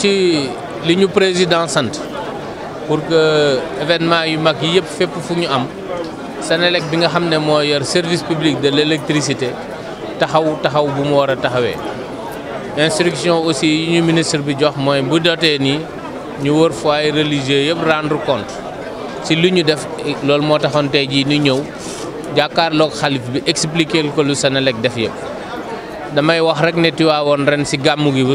ci li président sant pour que événement yu mag yi yëpp fépp fu ñu am Senelec bi nga yor service public de l' électricité taxaw taxaw bu mu war a taxawee instruction aussi yi ñu ministre bi jox mooy bu dotee nii ñu wër foyer religieux yëpp rendre compte ci li def loolu moo taxoon tey jii ñu ñëw jàkkaarloog bi expliquer ko lu Senelec def yëpp damay wax rek ne Tiwaawoon ren gi bu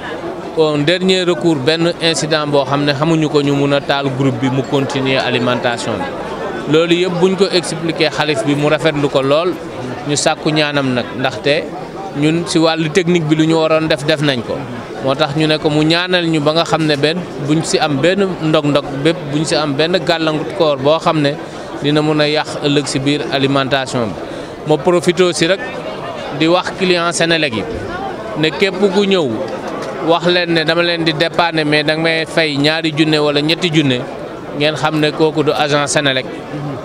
en dernier recours benn incident boo xam ne xamuñu ko ñu mun taal groupe bi mu continuer alimentation bi loolu yëpp buñ ko expliqué xalif bi mu rafetlu ko lool ñu sàkku ñaanam nag ndaxte ñun si wàllu technique bi lu ñu waroon def def nañ ko moo tax ñu ne ko mu ñaanal ñu ba nga xam ne buñ si am benn ndog-ndog bépp buñ si am benn gàllankoor boo xam ne dina mun a biir alimentation bi ma profité rek di wax client Sénélec ne képp ku ñëw wax leen ne dama leen di dépanner mais danga may fay ñaari junne wala ñetti junne ngeen xam ne kooku du agent Senelec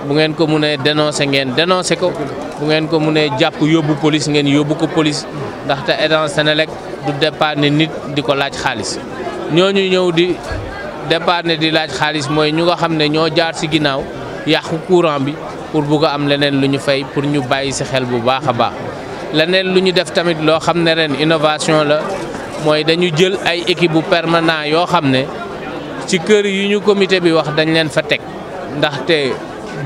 bu ngeen ko mënee dénoncer ngeen dénoncer ko bu ngeen ko mënee jàpp yóbbu police ngeen yóbbu ko police ndaxte agent Senelec du dépanner nit di ko laaj xaalis ñoo ñooñu ñëw di dépanner di laaj xaalis mooy ñu nga xam ne ñoo jaar si ginnaaw yàqu courant bi pour bugg am leneen lu ñu fay pour ñu bàyyi si xel bu baax a baax leneen lu ñu def tamit mooy dañu jël ay équipe bu permanent yoo xam ne ci kër yi ñu comité bi wax dañ leen fa teg ndaxte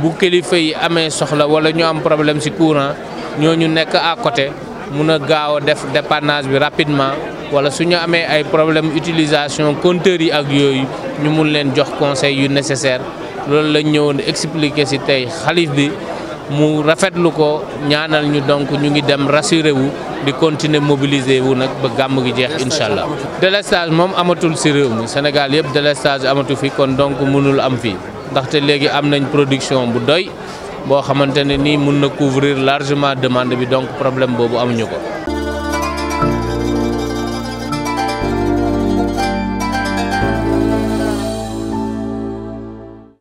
bu kilifa yi amee soxla wala ñu am problème ci courant ñu nekk à côté mun a gaaw a def dépannage bi rapidement wala su ñu amee ay problème utilisation compteurs yi ak yooyu ñu mun leen jox conseil yu nécessaire loolu lañ ñëw expliquer ci tey xalif bi mu rafetlu ko ñaanal ñu donc ñu ngi dem rassuré wu. di continuer mobiliser wu nak ba gam gi jeex inshallah délestage mom amatul ci réew mi Sénégal yëpp délestage amatu fi kon donc mënul am fii ndaxte léegi am nañ production bu doy bo xamante ni nii na couvrir largement demande bi donc problème bobu amuñu ko.